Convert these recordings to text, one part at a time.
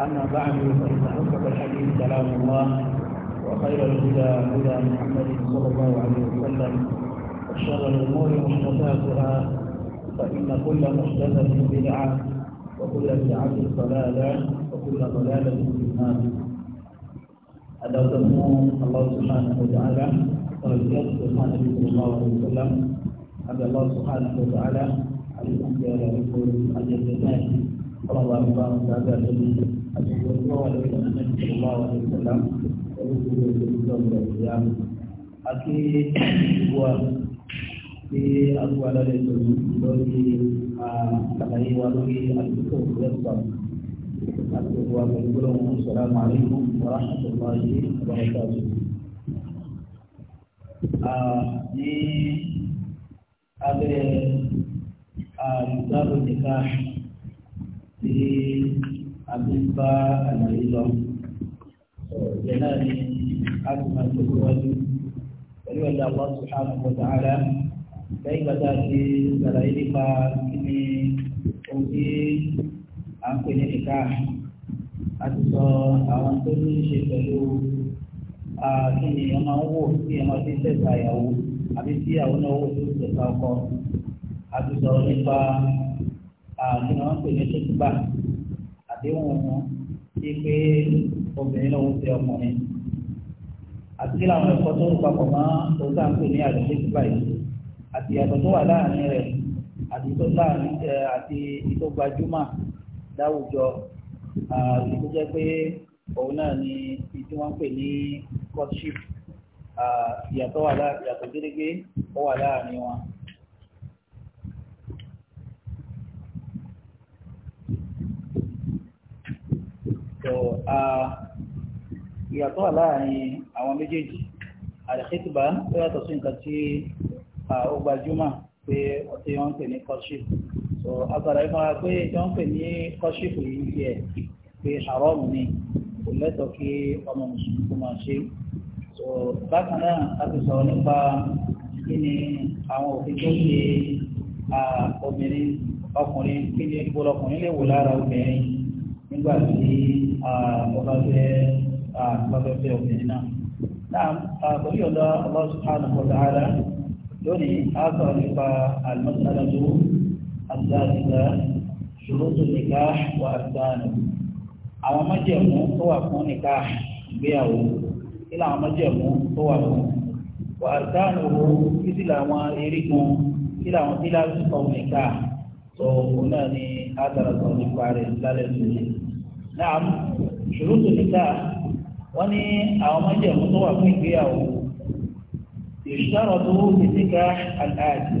أما بعد فإن أصدق الحديث كلام الله وخير الهدى هدى محمد صلى الله عليه وسلم وشر الأمور محدثاتها فإن كل محدثة بدعة وكل بدعة ضلالة وكل ضلالة في النار أدعوكم الله سبحانه وتعالى ورزقكم سبحانه صلى الله عليه وسلم عبد الله سبحانه وتعالى عليكم يا رب العالمين ọlọ́wà bí bá ń dáadáa lórí àtúntò tó wà lórí ọ̀nà ìṣẹ̀lá olùkúrò ìṣẹ̀lá ọ̀rọ̀ ìyá àti ìwà tí agbó alálẹ̀ tó lórí àlàyé wa lórí àtúntò lẹ́sọ̀ àti ìwà pẹ̀lú gbọ́dọ̀ sọ̀rọ̀ màálùmọ́ wàrà àtúntò yìí nìkan tí a ti ń bá àlàyé lọ. Ìyẹn náà ni a ti máa tẹ̀síwájú pẹ̀lú ẹ̀dá Allah subhanahu wa ta'ala lẹ́yìn ìgbà tá a ti ṣàlàyé nípa kí ni ohun tí à ń pè ní nìka. A ti sọ àwọn tó ní ṣe pẹ̀lú kí ni ọmọ wò kí ọmọ ti tẹ̀sà ìyàwó àbí tí àwọn náà wò tó tẹ̀sà ọkọ. A ti sọ̀rọ̀ nípa àdínà ah, wọn pè ní ṣètùbà àdéhùn wọn kí pé obìnrin náà ń fẹ́ ọkùnrin àti kí làwọn ẹ̀kọ́ tó ń papọ̀ mọ́ oṣù àǹpè ní àdínà ṣètùbà yìí àti ìyàtọ̀ tó wà láàrin rẹ̀ àti tó láàrin ẹ àti ìtò gbajúmọ̀ láwùjọ àti ah, tó jẹ́ pé òun náà ni ìdí wọn pè ní courtship ah, ìyàtọ̀ wà láàrin ìyàtọ̀ gédégé ó wà láàrin wọn. a ìyàtọ̀ láàrin àwọn méjèèjì àdàkìtìbá ó yàtọ̀ sí nǹkan tí ó gbajúmọ̀ pé ọtí wọn ń pè ní kọ́ṣíp so agbára ìfara pé wọn ń pè ní kọ́ṣíp yìí yẹ pé haram ni kò lẹ́tọ̀ọ́ kí ọmọ mùsùlùmí kó máa ṣe so bákan náà a ti sọ̀rọ̀ nípa kí ni àwọn òfin tó ṣe obìnrin ọkùnrin kí ni ìbòlọkùnrin lè wò lára obìnrin nígbà tí ọba fẹ́ ọba fẹ́ fẹ́ obìnrin náà. Náà pẹ̀lú ọ̀dọ́ Allah subhanahu wa ta'ala lónìí a sọ̀rọ̀ nípa àlùmọ́sálàtú àgbàdìgbà ṣòrótò nìka wà àgbàdàn. Àwọn májẹ̀mú tó wà fún nìka ìgbéyàwó kí làwọn májẹ̀mú tó wà fún. Wà àgbàdàn wo kí làwọn erigun kí làwọn kí làwọn sọ̀rọ̀ nìka tó òun náà ni ádàrà sọ nípa rẹ̀ lálẹ́ tó yẹ. náà ṣòro tó níta wọ́n ní àwọn ọmọdé ẹ̀mú tó wà fún ìgbéyàwó ìṣòro tó ti níka àdáàjì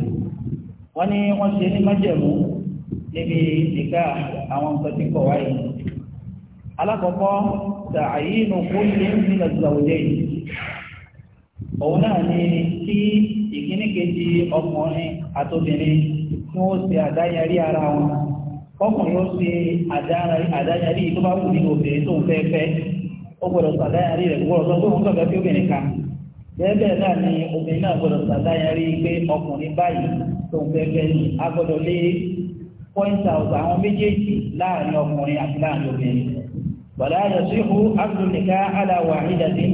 wọ́n ní wọ́n ṣe ní májẹ̀mú níbi níka àwọn nǹkan tí kọ̀ wáyé. alákọ̀ọ́kọ́ tààyínú kúlé nílẹ̀ ìgbàwọ̀dé yìí òun náà ni kí ìkíníkejì ọkùnrin àtòbìnrin tí wọ́n ṣe àdáyarí ara wọn ọkùnrin ó ṣe àdáyarí tó bá wù nínú obìnrin tó ń fẹ́ fẹ́ ó gbọ́dọ̀ ṣàdáyarí rẹ̀ gbọ́dọ̀ sọ pé òun gbàgbé pé obìnrin kan bẹ́ẹ̀ náà ni obìnrin náà gbọ́dọ̀ ṣàdáyarí pé ọkùnrin báyìí tó ń fẹ́ fẹ́ ni a gbọ́dọ̀ lé pọ́ìntà ọ̀sà àwọn méjèèjì láàrin ọkùnrin àti láàrin obìnrin bọ̀dá yẹ̀sí hu abdulnika aláwà ìdàdí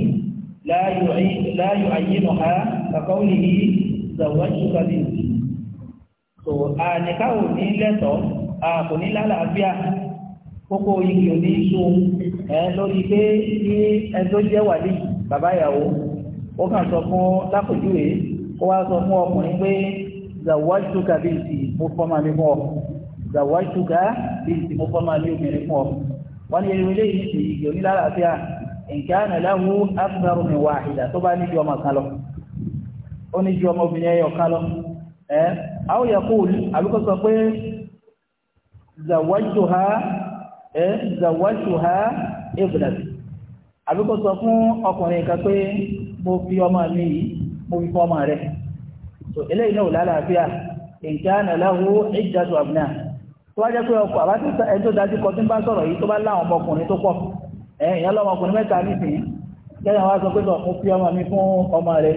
láàyò àyínú ha kàkọ́ wùlì yìí tó àníká ò ní lẹ́tọ̀ọ́ kò ní lálàáfíà kókó igi ò ní so ẹ lórí pé ní ẹjọ́ jẹ́ wàlí bàbá ìyàwó ó kàn sọ fún lápòjúwe ó wá sọ fún ọkùnrin pé zawájúkà bíi ti mo fọ́mà mi fún ọ zawájúkà bíi ti mo fọ́mà mi obìnrin fún ọ wọ́n ní erin ilé yìí ti igi ò ní lálàáfíà nǹkan àná láwù áfúnárùn mi wà ìdá tó bá níbi ọmọ kan lọ ó níbi ọmọbìnrin ẹyọ kan lọ ẹ́ àwọn yẹ̀kú àbíkọ́ sọ pé zawajtuha ẹ́ eh, zawajtuha ibnati àbíkọ́ sọ fún ọkùnrin kan pé mo fi ọmọ mi yìí mo fi fún ọmọ rẹ̀ so eléyìí náà lálàáfíà nǹkan àláwó ìjàdù àbúnà tó wájẹ́ pé ọkọ̀ àbá tí ẹni tó dájú kọ tí ń bá sọ̀rọ̀ yìí tó bá láwọn ọmọkùnrin tó pọ̀ ẹ̀yìn eh, ọlọ́mọkùnrin mẹ́ta nísìnyí lẹ́yìn wá sọ pé sọ mo fi ọmọ mi fún ọmọ rẹ̀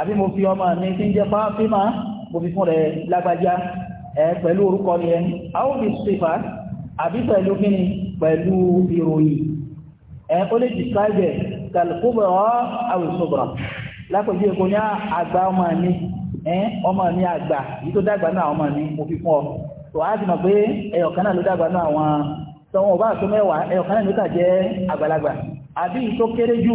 àbí mo fi ọmọ mi tí ń jẹ́ fáfímà mo fi fún rẹ̀ lágbájá ẹ pẹ̀lú orúkọ ni ẹ a ó fi sífà àbí pẹ̀lú kíni pẹ̀lú ìròyìn ẹ ó lè describe kàlùkùbọ̀ àwòsùbọ̀ lápẹ̀jú èkó ní àgbà ọmọ mi ọmọ mi àgbà yìí tó dàgbà náà ọmọ mi mo fi fún ọ tó a ti mọ̀ pé ẹyọ̀kan náà ló dàgbà náà àwọn tọ́wọ́n ọba àtúmẹ̀wá ẹyọ̀kan náà ló kà jẹ́ àgbàlagbà àbí tó kéré jù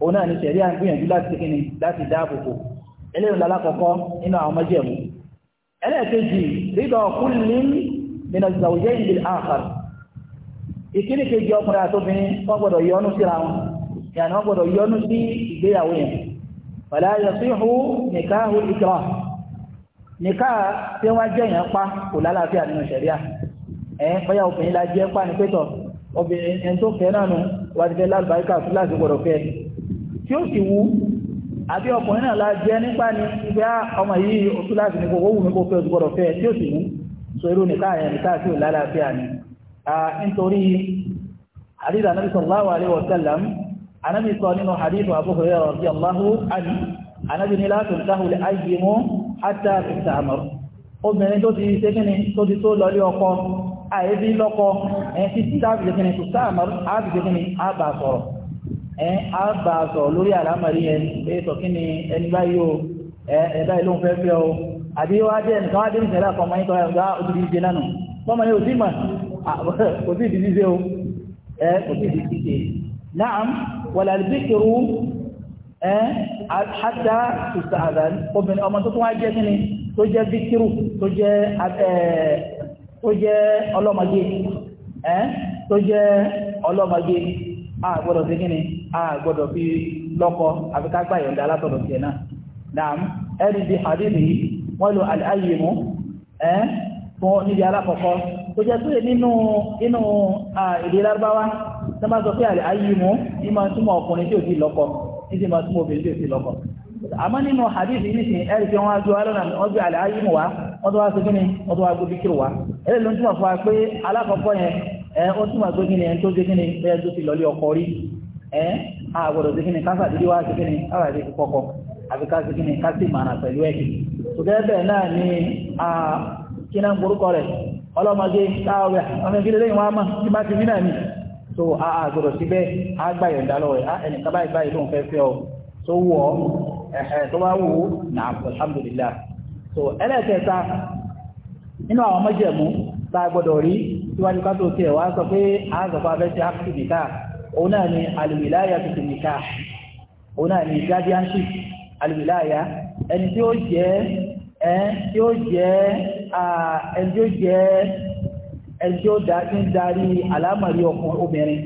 òun náà ni ṣẹ̀rí à ń gbìyànjú láti kíni láti dáàbòbò eléyìí lálákọ̀ọ́kọ́ nínú àwọn májẹ̀mú ẹlẹ́ẹ̀kejì rídọ̀ kúlì nínú ìzàwòjẹ́ ìdìl àkàr ìkíni kejì ọkùnrin àtòbìnrin wọ́n gbọ́dọ̀ yọnu síra wọn yàní wọ́n gbọ́dọ̀ yọnu sí ìgbéyàwó yẹn pẹ̀lú ayọ̀síhù nìkáhù ìkra nìká tí wọ́n jẹ́ yẹn pa kò lálàáfíà nínú ṣẹ̀ríà ẹ̀ bóyá obìnrin la jẹ́ pa ní pétọ̀ obìnrin ẹni tó fẹ́ náà nù wọ́n ti fẹ́ lálùbáríkà fúláàsì gbọ́dọ̀ fẹ́ tí ó sì wú àbí ọkùnrin náà la jẹ́ nípa ni ìgbà ọmọ yìí oṣù láti ní kòkó wù mí kó fẹ́ oṣù gbọ́dọ̀ fẹ́ tí ó sì wú so irú nìka yẹn nìka lálàáfíà ni nítorí hadith wa abu hurairah radiyallahu anhu anabi ní láti ntahu lè ayé mú hátà fìtà àmọ́ obìnrin tó ti ṣe kíni tó ti tó lọlé ọkọ àyèbí lọ́kọ ẹ̀ ti sáàbì ṣe kíni tó sáàmọ́ àbì àbà sọ̀rọ̀ ẹ á bá a sọ lórí àlámọ̀rí yẹn pé sọ kí ni ẹni báyìí o ẹ báyìí ló ń fẹ́ fẹ́ o àbí wá jẹ́ nǹkan wá dé ní sẹ́lá kan mọ́yìn kan ẹ̀gbá òdìdí ṣe lánà fọ́mọ ní òsì mà kò sí ìdí ṣe o ẹ kò sí ìdí ṣe naam wàlá zikiru ẹ hatta tusa àdán obìnrin ọmọ tó tún wá jẹ́ kí ni tó jẹ́ zikiru tó jẹ́ tó jẹ́ ọlọ́mọge ẹ tó jẹ́ ọlọ́mọge a sí kí a gbọ́dọ̀ fi lọ́kọ àfi ká gbà yọ̀ǹda látọ̀dọ̀ tiẹ̀ náà naam ẹni di hadith yìí wọ́n lo al ẹ́ fún níbi alákọ̀ọ́kọ́ tó jẹ́ pé nínú inú èdè lárúbáwá tó máa sọ pé al ní máa túmọ̀ ọkùnrin tí ò sí máa obìnrin tí ò sí àmọ́ nínú tí wọ́n á alọ́nà wa, wọ́n tó wá sí wa pé alákọ̀ọ́kọ́ yẹn ẹ́ eh? àgbọ̀dọ̀ sí kíni káfà dídí wá sí kíni káfà dídí kọ́kọ́ àbí ká sí kíni ká sì mànà pẹ̀lú ni kíná ń borúkọ rẹ̀ ọlọ́mọdé káwẹ̀ ọmọ ìgbìlẹ̀ lẹ́yìn wá mọ̀ tí má ti rí náà ni so àgbọ̀dọ̀ sí bẹ́ẹ̀ á gbà yọ̀ǹda lọ́wọ́ ẹ̀ òun náà ni alìwìláyà tó ti nìka òun náà ni guardianship alìwìláyà ẹni tí ó jẹ́ ẹni tí ó jẹ́ ẹni tí ó jẹ́ ẹni tí ó darí alámàrí ọkùnrin obìnrin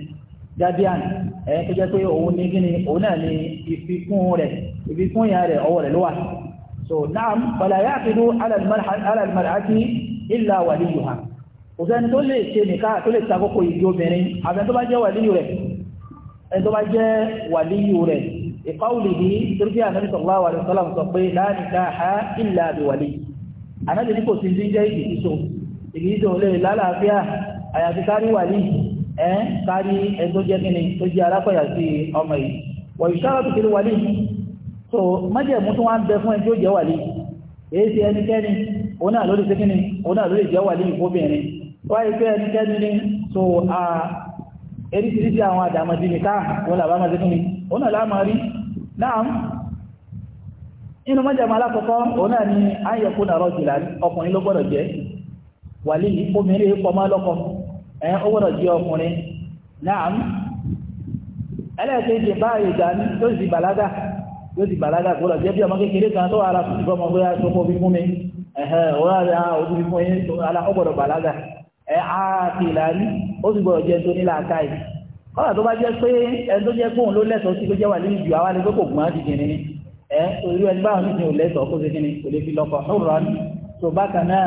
guardian ẹni tó jẹ́ pé òun ní gíní òun náà ni ìfikún rẹ̀ ìfikún ìyá rẹ̀ ọwọ́ rẹ̀ ló wà so naam fala yaqidu ala al-mar'ati illa waliyuha òsẹ́ni tó lè ṣe nìka tó lè ṣàkókò ìdí obìnrin àbẹ́ tó bá jẹ́ wà nínú rẹ̀ ẹni tó bá jẹ́ wàlíyù rẹ̀ ìkọ́wùlì ní torí ànábì sallallahu alaihi wasallam sọ pé la nikaha illa bi wali ànábì ní kò sí ní jẹ́ ìdìsíso ìdìsíso lè lálàáfíà àyàfi kárí wàlí ẹ̀ kárí ẹni tó jẹ́ kíni tó jẹ́ alápẹ̀yà sí so májẹ̀mú tó wá ń bẹ fún ẹni tó jẹ́ wàlí èyí ti ẹnikẹ́ni òun náà ló lè ṣe kíni òun náà ló lè eríṣiríṣi àwọn àdàmọ̀dí ní káà wọ́n làbá máa tẹ́kùn ní òun náà láàmà rí náà inú mọ́jàmọ́ alákọ̀ọ́kọ́ ni ayẹ̀kú náà rọ́jù láàrín ọkùnrin ló gbọ́dọ̀ jẹ́ wàlí obìnrin pọ̀ máa lọ́kọ ẹ̀ ó gbọ́dọ̀ naa ọkùnrin náà ẹlẹ́ẹ̀kejì báyìí dání yóò sì balaga kan ara fún ìfọmọ mi ti ó sì gbọ́dọ̀ jẹ́ tó ní làákàyè kọ́lá tó bá jẹ́ pé ẹni tó jẹ́ pé òun ló lẹ́tọ̀ọ́ sí ló jẹ́ wà nínú ìjù àwa ni pé kò gbọ́n ti kìnìún ẹ torí ẹni báwọn ní ìsìn ò lẹ́tọ̀ọ́ kó ṣe kìnìún kò lè fi lọ́kọ̀ ọ̀rọ̀ ni tó bákan náà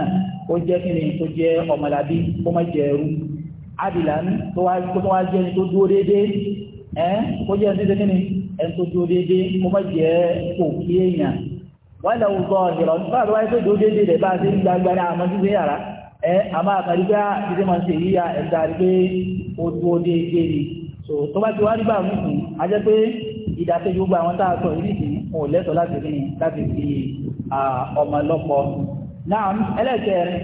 ó jẹ́ kìnìún tó jẹ́ ọmọlàbí kó má jẹ ẹrú adìlan tó wá jẹ́ ẹni tó dúró déédéé ẹ kó jẹ́ ẹni tó kìnìún ẹni tó dúró déédéé kó má jẹ́ kò kí èèyàn wọ́n lẹ́wọ́ sọ ọ̀dẹ̀rọ̀ ẹ àmà àkàrígbà ìdí máa ń ah, ṣe yíya ẹ̀dá rí so tó bá ti wá rí báwọn nìkú a jẹ́ pé ìdàkejì gbogbo àwọn tá a sọ wọn ò lẹ́tọ̀ọ́ láti ní láti fi ọmọ lọ́pọ̀ náà ẹlẹ́kẹ̀ẹ́rin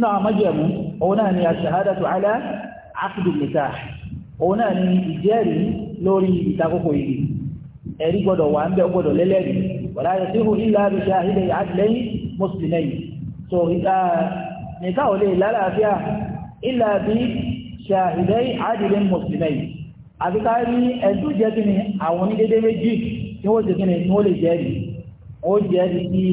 náà àmọ́jẹ̀mú òun náà ni aṣ-ṣahādatu ʿalā ʿaqdi òun náà ni ìjẹ́rìí lórí ìtakókò ẹ̀rí gbọ́dọ̀ wà ń bẹ́ gbọ́dọ̀ lẹ́lẹ́rìí so nìkáwò lè lálàáfíà ilà bí ṣàìdẹ́ àdìlẹ́ mùsùlùmẹ́ yìí àti ká rí ẹ̀dùn jẹ́ kí ni àwọn onídédé méjì tí wọ́n jẹ́ kí ni tí wọ́n lè jẹ́rìí wọ́n jẹ́rìí sí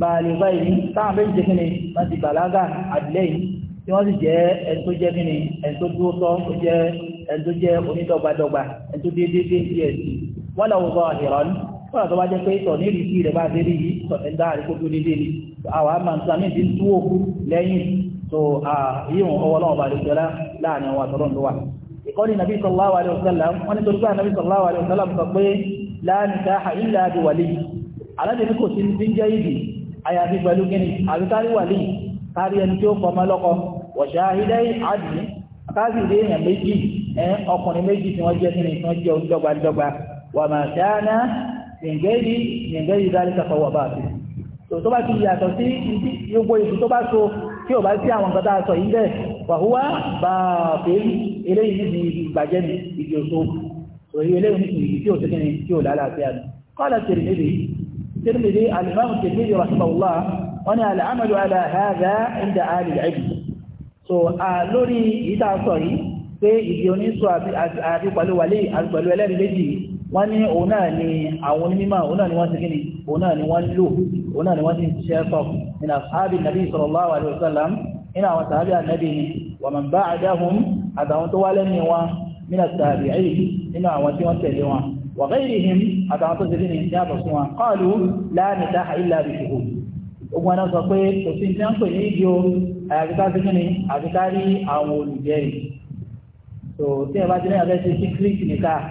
bàálẹ̀ báyìí táwọn méjì jẹ́ kí ni wọ́n ti bàlágà àdìlẹ́ yìí tí wọ́n sì jẹ́ ẹni tó jẹ́ kí ni ẹni tó dúró tọ́ tó jẹ́ ẹni tó jẹ́ onídọ́gbadọ́gba ẹni tó déédéé déédéé sí wọ́n làwọn sọ àhìrán kọ́nà tó bá jẹ́ pé tọ̀ ní ìrísí rẹ̀ bá dé rí yìí tọ̀ ẹ̀dá àríkó tó dédé ni àwọn àmà nǹkan ní ìdín tó òkú lẹ́yìn tó yíwọ̀n ọwọ́ ọlọ́wọ́ bá lè jọlá láàrin àwọn àtọ́rọ̀ tó ìkọ́ni nàbí sallallahu wa ma kana ẹ̀ǹgẹ́rì ẹ̀ǹgẹ́rì ìdáríkà fọwọ́ bá fi tó tó bá ti yàtọ̀ sí gbogbo ìlú tó bá so tí ò bá sí àwọn nǹkan tá a sọ yìí bẹ́ẹ̀ wàhúwá bá a pè é eléyìí níbi ìgbàjẹ́ mi ìdí òṣó òyí eléyìí níbi ìdí tí ò sí kíni tí ò lálàáfíà mi kọ́lá tìrìmìlì tìrìmìlì alimami tìrìmìlì rahimahullah wọn ni alamalu wọ́n ní òun náà ni àwọn onímọ̀ òun náà ni wọ́n ti gíní òun náà ni wọ́n lò òun náà ni wọ́n ti ṣiṣẹ́ sọ nínú àbí nàbí sallallahu alaihi wasallam nínú àwọn sàábì ànábì ni wa man ba'dahum àtàwọn tó wá lẹ́nu wọn nínú sàábì ayé nínú àwọn tí wọ́n tẹ̀lé wọn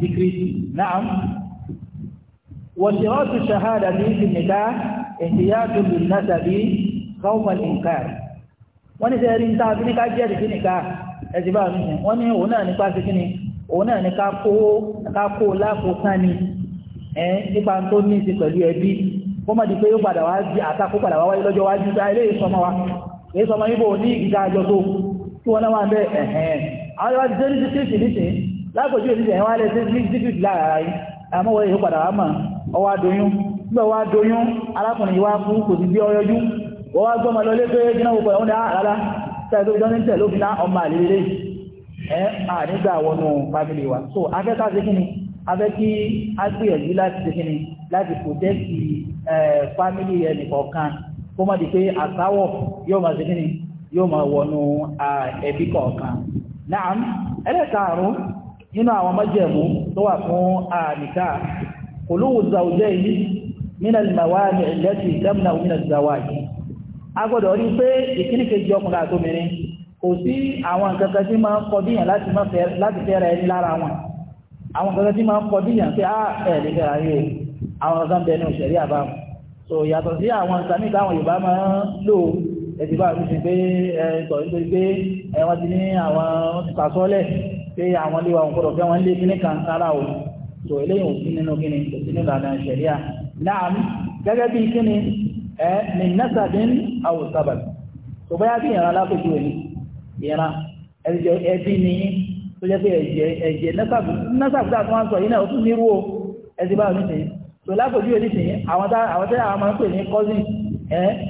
ذكري نعم وشراط الشهادة في النكاح احتياج للنسب خوف الإنكار ونسير انتهى في نكاح جاري في نكاح ẹ̀sìbá mi ni wọ́n ní òun náà nípa sí kíni òun náà ní ká kó láfòsán ni ẹ̀ nípa tó ní sí pẹ̀lú ẹbí kó má di pé yóò padà wá di àtakó padà wáyé lọ́jọ́ wájú gba ilé ìsọmọ wa èyí sọmọ yíbo ní ìgbà àjọ tó kí wọ́n náà wà ń bẹ́ ẹ̀hẹ́n àwọn ìwádìí tó ní sí sí lápòjú èdè ẹ̀wọ́n alẹ́ sí institute láàárá yìí àmọ́ wọ́n yóò padà wá mọ̀ ọwá doyún nígbà wá doyún arákùnrin wá fún kò sí bí ọyọjú wọ́n wá gbọ́mọ lọ lé pé gíná gbogbo ẹ̀wọ́n dáa rárá tẹ́lẹ̀ tó jọ́ ní tẹ̀ ló fi ná ọmọ àlèrè ẹ̀ ànígbà wọnú family wa so akẹ́kọ̀ọ́ sí kíni abẹ́ kí á gbìyànjú láti sí kíni láti protect family ẹnì kọ̀ọ̀kan kó má di pé àsáwọ̀ yóò máa sí kíni yóò máa wọnú ẹbí kọ̀ọ̀kan náà ẹlẹ́karùn-ún nínú àwọn májẹ̀mú tó wà fún àníká olówó zaujẹ́ yìí nínú ìmọ̀wá ní ẹ̀lẹ́tì ìdámnà òmìnà zawáyì a gbọ́dọ̀ rí pé ìkíníkejì ọkùnrin àtòmìnrin kò sí àwọn nǹkan kan tí máa ń kọdíyàn láti fẹ́ra ẹni lára wọn àwọn nǹkan tí máa ń kọdíyàn pé á ah, ẹ̀ lè pé àwọn ilé wa ò gbọdọ̀ fẹ́ wọn lé kíní kan sára o tó eléyìí ò sí nínú kíní kò sí nínú àdán ṣẹ̀ríà náà gẹ́gẹ́ bí kíní ẹ ní nẹ́sàbín àwòsábà tó báyà bí ìran alákòjú rẹ̀ ìran ẹbí ni tó jẹ́ pé ẹ̀jẹ̀ ẹ̀jẹ̀ nẹ́sàbí tá a tún wá sọ yìí náà ó tún nírú o ẹ̀sì báwo ní sèyí tó lákòjú rẹ̀ nísìnyí àwọn tẹ́ àwọn máa ń pè ní cousin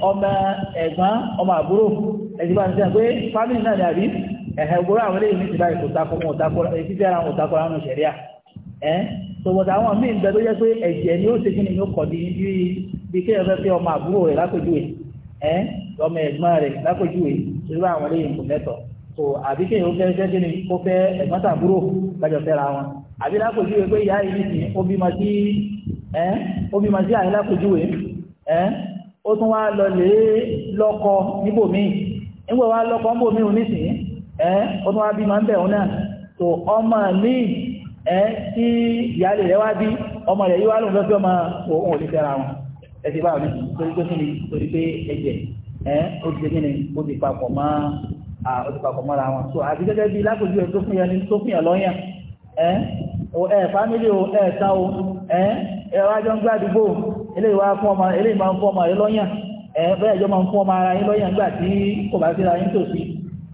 ọmọ ẹ̀gbọ́n ọmọ àbúrò ẹ̀sì báwo ní sèyí pé family náà ni àbí ẹ̀hẹ̀ gbogbo àwọn eléyìí ní ti báyìí kò takò wọn takò fífẹ́ ara wọn takò ara wọn ṣẹ̀ríà ẹ̀ tòbọ̀tà àwọn míì ń bẹ tó jẹ́ pé ẹ̀jẹ̀ ni ó ṣe kí ni yóò kọ̀ di bí bí kéèyàn fẹ́ fẹ́ ọmọ àbúrò rẹ̀ lápèjúwe ẹ̀ ọmọ ẹ̀gbọ́n rẹ̀ lápèjúwe irú àwọn eléyìí kò lẹ́tọ̀ tó àbí kéèyàn fẹ́ fẹ́ kí ni kó fẹ́ ẹ̀gbọ́n tàbúrò kájọ fẹ́ ra wọn àbí lápèjúwe pé ìyá yìí nìsín ó ẹ́ ó tún bí máa ń bẹ̀rún náà tó ọmọ mi ẹ́ tí ìyáálé rẹ̀ wá bí ọmọ rẹ̀ yíwá lòun lọ́sí ọmọ òun ò ní wọn bá torí torí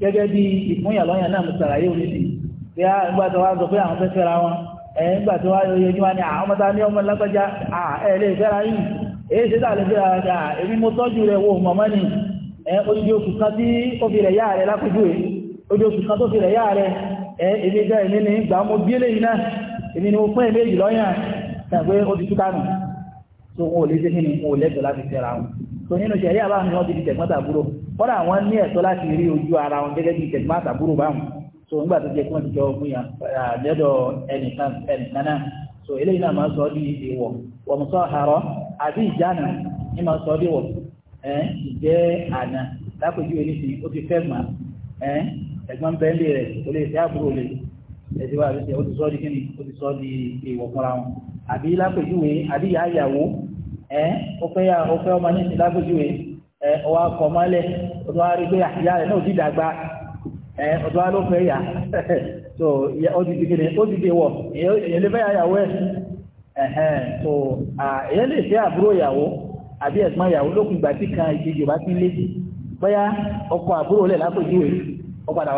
gẹ́gẹ́ bí ìfúnyàlọ́yàn náà mo sàlàyé oríṣi bí a ń gbà tó wá sọ pé àwọn fẹ́ fẹ́ra wọn ẹ̀ ń gbà tó wá yọjú wa ní àwọn ọmọ ta ní ọmọ lágbájá à ẹ̀ lè fẹ́ra yìí èyí ṣe tà lè fẹ́ra ọjà èmi mo tọ́jú rẹ̀ wo mọ̀mọ́ ni ẹ̀ odidi oṣù kan tí ó fi rẹ̀ yá rẹ̀ lápẹ́jú rẹ̀ odidi oṣù kan tó fi rẹ̀ yá rẹ̀ ẹ̀ èmi jẹ́ èmi ní gbà mo bí eléyìí náà èmi ni mo pín èmi èjì lọ́yàn tàbí ó ti túká nù tó wọn ò lè ṣe kí ni wọn ò lẹ́tọ̀ọ́ láti fẹ́ra wọn tó nínú ṣẹ̀rí àbáwọn ni wọ́n ti di tẹ̀gbọ́n tàbúrò kọ́dà àwọn ní ẹ̀tọ́ láti rí ojú ara wọn gẹ́gẹ́ bí ìtẹ̀gbọ́n àtàbúrò báwọn so nígbà tó jẹ́ kí wọ́n ti jọ fún yàn lẹ́dọ̀ so eléyìí náà máa di ìwọ̀ wọ̀mùsọ àárọ̀ àbí ìjánà ní máa sọ ọ́ di ìwọ̀ ẹ̀ ìjẹ́ àná lápèjúwe ní ti ó ti fẹ́ mà ẹ̀ ẹ̀gbọ́n bẹ́ẹ̀lì rẹ̀ kò lè fẹ́ àbúrò lè ẹ̀sìn wa ó ti sọ ọ́ di kíni ó ti sọ ọ́ di ìwọ̀ fúnra wọn àbí lápèjúwe àbí ìyá ìyàwó ẹ̀ ó fẹ́ ọmọ ní ìsìn lápèjúwe ọwọ́ akọ mọ́lẹ̀ ọdún na rí pé ìyá rẹ̀ náà ti dàgbà ọdún wa yà so ó ti abịa ó ti dìwọ̀ èyàn lè fẹ́ yàwó so lè fẹ́ àbúrò yàwó àbí ẹ̀gbọ́n yàwó lókun ìgbà tí kan ìkejì bá ti lé bóyá ọkọ àbúrò lẹ̀ lápèjúwe ọ̀padà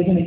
rẹ̀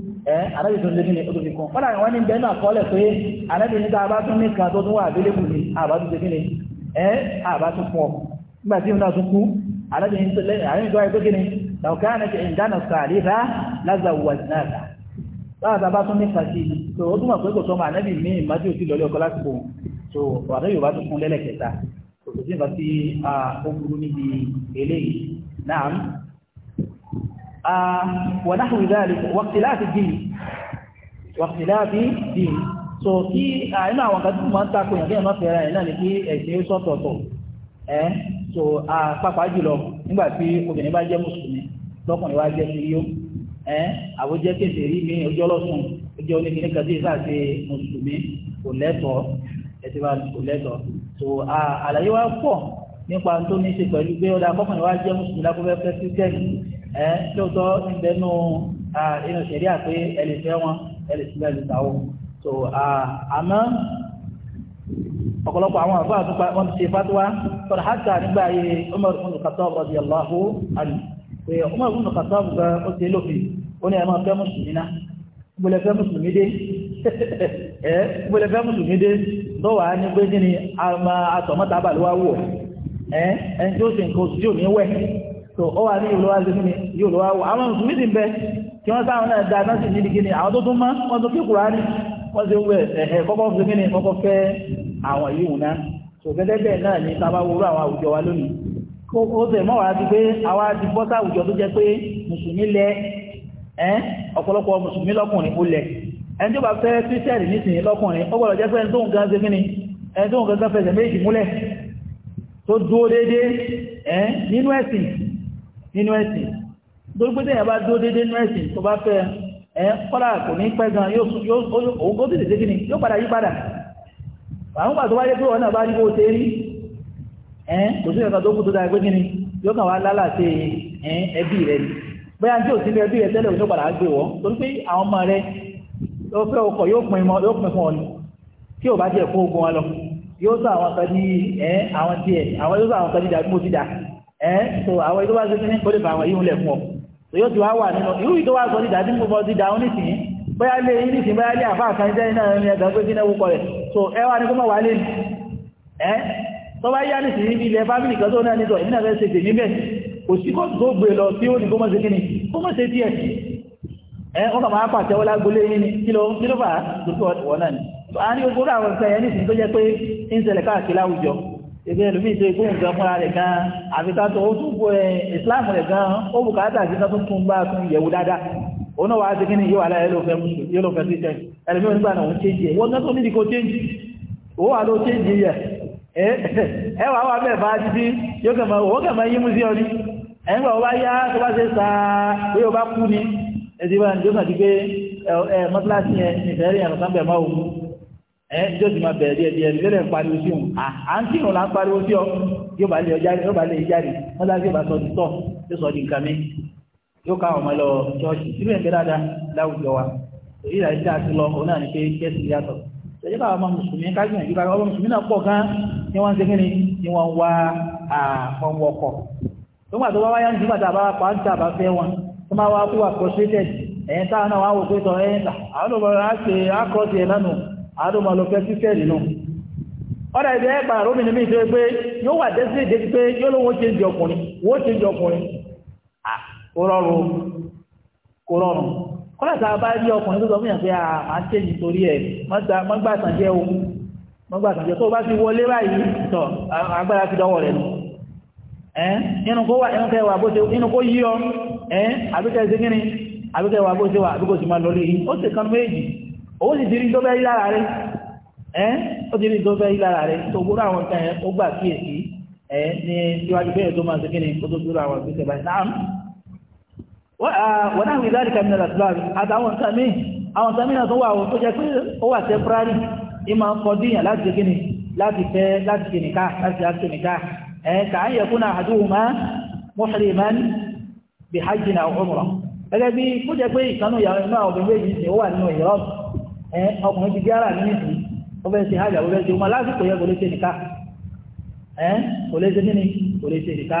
ẹ́ anábì tó lé nílé olóbi kan fọ́nà àwọn ní bẹ́ẹ̀ náà kọ́lẹ̀ pé anábì ní tàbá tún ní kan tó tún wà abẹ́lẹ́bù ní àbá tún tẹ́kíní ẹ́ àbá tún pọ̀ nígbà tí wọ́n tún kú anábì ní tó ayé tókíní làwùká àti ìdáná sàlẹ́fà lázàwùwà náà láwọn tàbá tún ní kan sí tó ó túnmọ̀ pé kò sọmọ anábì ní o òsì lọ́lẹ́ ọkọ láti pò tó wàdó yorùbá tún fún lẹ́lẹ̀kẹta kò sí nǹkan tí ó burú níbi eléyìí náà ونحو ذلك واختلاف الدين واختلاف الدين so kí àìmọ́ ah, àwọn kan tó máa ń takò yàn kí ẹ̀ má fẹ́ra ẹ̀ náà ni kí ẹ̀sìn sọ̀tọ̀ọ̀tọ̀ ẹ́ so pàápàá jùlọ nígbà tí obìnrin bá jẹ́ mùsùlùmí lọ́kùnrin wá jẹ́ sí yó ẹ́ àbójẹ́ kéde rí mi ojú ọlọ́sùn ojú oníkìní kan tí ìfà ṣe mùsùlùmí kò lẹ́tọ̀ọ́ ẹ̀sìn wa kò lẹ́tọ̀ọ́ so àlàyé wa pọ̀ nípa tó ní ṣe pẹ̀lú pé ọ̀dà akọ́kùnrin wá jẹ́ mùsùlùmí lákọ́fẹ́ ẹ lóòótọ́ níbẹ̀ nù inú ṣẹ̀rí àpé ẹlẹ́ fẹ́ wọn ẹlẹ́ sílẹ̀ ẹlẹ́ sàwọ́ so àmọ́ ọ̀pọ̀lọpọ̀ àwọn àfáà tó wọ́n ti ṣe fatuwa sọ̀rọ̀ hàtà nígbà ayé Umar ibn Khattab radiyallahu anhu pé Umar ibn Khattab gan ó ti lófin ó ní ẹ̀mọ́ fẹ́ mùsùlùmí so ó wà ní ìlú wa ṣe kíni yóò lọ wá wọ àwọn mùsùlùmí ti bẹ kí wọ́n sáwọn náà da náà sì níbi kíni àwọn tó tún mọ́ wọ́n tó kí kùránì wọ́n ṣe ń wẹ̀ ẹ̀ẹ́ kọ́kọ́ ṣe kíni kọ́kọ́ fẹ́ àwọn yìí náà so gẹ́gẹ́ bẹ́ẹ̀ náà ní sábà wúrú àwọn àwùjọ wa lónìí ó tẹ̀ mọ́ wàá ti pé àwa ti bọ́ sáwùjọ tó jẹ́ pé mùsùlùmí lẹ ẹ́ ọ̀pọ̀lọpọ̀ mùsùlùmí lọ́kùnrin ó lẹ̀ ẹni tó bá fẹ́ kírísítẹ́rì nísìnyí lọ́kùnrin ó gbọ́dọ̀ jẹ́ pé ẹni nínú ẹ̀sìn gbogbo tẹ́yà bá dó dédé nínú ẹ̀sìn tó bá fẹ́ ẹ̀ kọ́lá kò ní pẹ́ gan yóò ó tètè kí ni yóò padà yí padà àwọn pàtó wáyé pé ọ̀nà bá rí bó ṣe rí ẹ̀ kò sí ẹ̀ka tó kú tó dáa pé ni yóò kàn wá lálà sí ẹbí rẹ̀ bóyá tí ò sí ẹbí rẹ̀ tẹ́lẹ̀ òní padà gbé wọ́ torí pé àwọn ọmọ rẹ̀ ó fẹ́ ọkọ̀ yóò pin fún ọ ni tí ò bá jẹ́ fún ogun wọn lọ yóò sọ àwọn kan ní àwọn díẹ̀ àwọn yóò sọ àwọn kan ní dàbí ẹ̀ eh, so àwọn ìtọ́wà sí ní kó lè bá àwọn yíò lẹ̀ fún ọ yóò ti wá wà nínú irú ìtọ́wà sọ dídá tí mo bọ́ dídá ó nìsín bóyá lé yín nìsín bóyá lé àfáà kan jẹ́ iná ẹni ẹ̀dá pé sínú ẹwùkọ rẹ̀ so ẹ wá ní kó mọ̀ wá lé ẹ eh, tó bá yá nìsín níbi ilẹ̀ fámìlì kan tó náà nìtọ̀ ìmìnà fẹ́ ṣe tè níbẹ̀ kò sí kó tó gbé e lọ sí ó ní kó mọ̀ ṣe kí ni kó mọ̀ ṣe tiẹ̀ ẹ eh, wọ́n kàn máa pàtẹ́wọ́ lágbólé yín ni kí ló kí ló fà á lókè wọ́n náà ni a ní gbogbo àwọn nǹkan yẹn nìsín tó jẹ́ pé ń ṣẹlẹ̀ káàkiri láwùjọ ìgbẹ́ ìlú mi ṣe kó nǹkan fúnra rẹ̀ gan àfi ká tó ó tún kó ẹ eh, islam rẹ̀ gan ó bùkátà sí ká tó tún bá tún yẹ̀wò dáadáa òun náà wàá ti kí ni yóò aláyẹ ló fẹ́ yóò ló fẹ́ sí sẹ́yìn ẹlẹ́mi ò nígbà náà òun chéjì ẹ̀ wọ́n tó ní ìdíkò chéjì ó wà ló chéjì yẹ ẹ wà wà bẹ́ẹ̀ bá títí yóò kẹ̀mọ́ òun kẹ̀mọ́ yí mú sí ọ ní ẹ̀yìn gbà ó bá yá tó bá ṣe sáà pé ó bá ẹ jọ ti máa bẹ̀rẹ̀ díẹ̀ díẹ̀ lẹ́lẹ̀ ń pariwo sí òun à ń kírun là ń pariwo sí ọ yóò bá lè jáde yóò bá lè e jáde wọ́n dá sí ìbá sọ títọ́ yóò sọ di nǹkan mi yóò ká ọmọ lọ ṣọ́ọ̀ṣì síbẹ̀ ń bẹ dáadáa láwùjọ wa èyí là ń tẹ́ àti lọ òun náà ni pé kẹ́sì yàtọ̀ ṣẹ̀jẹ̀ bá ọmọ mùsùlùmí kájùmọ̀ ìdíbà ọmọ mùsùlùmí náà pọ̀ gan ni wọ́n ń ṣe kíni ni wọ́n wá àwọn tó gbà tó wá wáyá nígbà tá a bá pa á ń tà bá fẹ́ wọn tó máa wá kú wà frustrated ẹ̀yìn táwọn náà wá wò pé sọ ẹ̀yìn tà àwọn olùbọ̀rọ̀ á ṣe á kọ́ sí lánàá àádọ́mà lọ fẹ́ síṣẹ́ nínú ọ̀dà ìbẹ̀ ẹgbà rómìnì mí tẹ́ pé yóò wà dẹ́sílẹ̀ dé pé yóò lówó ṣe ń jẹ ọkùnrin wó ṣe ń jẹ ọkùnrin kò rọrùn kò rọrùn kọ́lá tá a bá rí ọkùnrin tó sọ fún yàn pé a máa ń tẹ̀yìn torí ẹ̀ mọ́gbà àtànjẹ́ o mọ́gbà àtànjẹ́ tó bá ti wọlé báyìí tọ̀ agbára ti dọ́wọ́ rẹ̀ nù inú kó wà inú kẹ́ wà bó ṣe inú kó yí ọ àbíkẹ́ ṣe kíni àbíkẹ́ wà bó ṣe wà àbíkò sì máa lọ lé yìí ó sì kan méjì òun sì dirí tó fẹ́ rí lára rẹ̀ ẹ́ ó dirí tó fẹ́ rí lára rẹ̀ tó gbúrú àwọn nǹkan yẹn ó gbà kíyèsí ẹ̀ ní síwájú bẹ́ẹ̀ tó máa ṣe kíni kó tó gbúrú àwọn ìgbésẹ̀ báyìí náà wọ́n náà wí láti kàmínà làtúbáàrí àtàwọn nǹkan míì àwọn nǹkan míì náà tó wà ó tó jẹ́ pé ó wà temporary ìmọ̀ ọkọ̀ díyàn láti ṣe kíni láti fẹ́ láti ṣe nìka láti ṣe nìka ẹ̀ kàá yẹ kúnà àdúhùn máa muhriman bí hajjina umrah gẹ́gẹ́ bí kó jẹ́ pé ìkanú ìyàwó ìmọ̀ obìnrin méjì ó wà nínú ìrọ́bù ọkụ ọkùnrin ti di ara mi nìsí ó fẹ́ ṣe hajj àbúrẹ́ ṣe ọmọ lásìkò yẹ kò lè ṣe nìka ẹ kò lè ṣe kíni kò lè ṣe nìka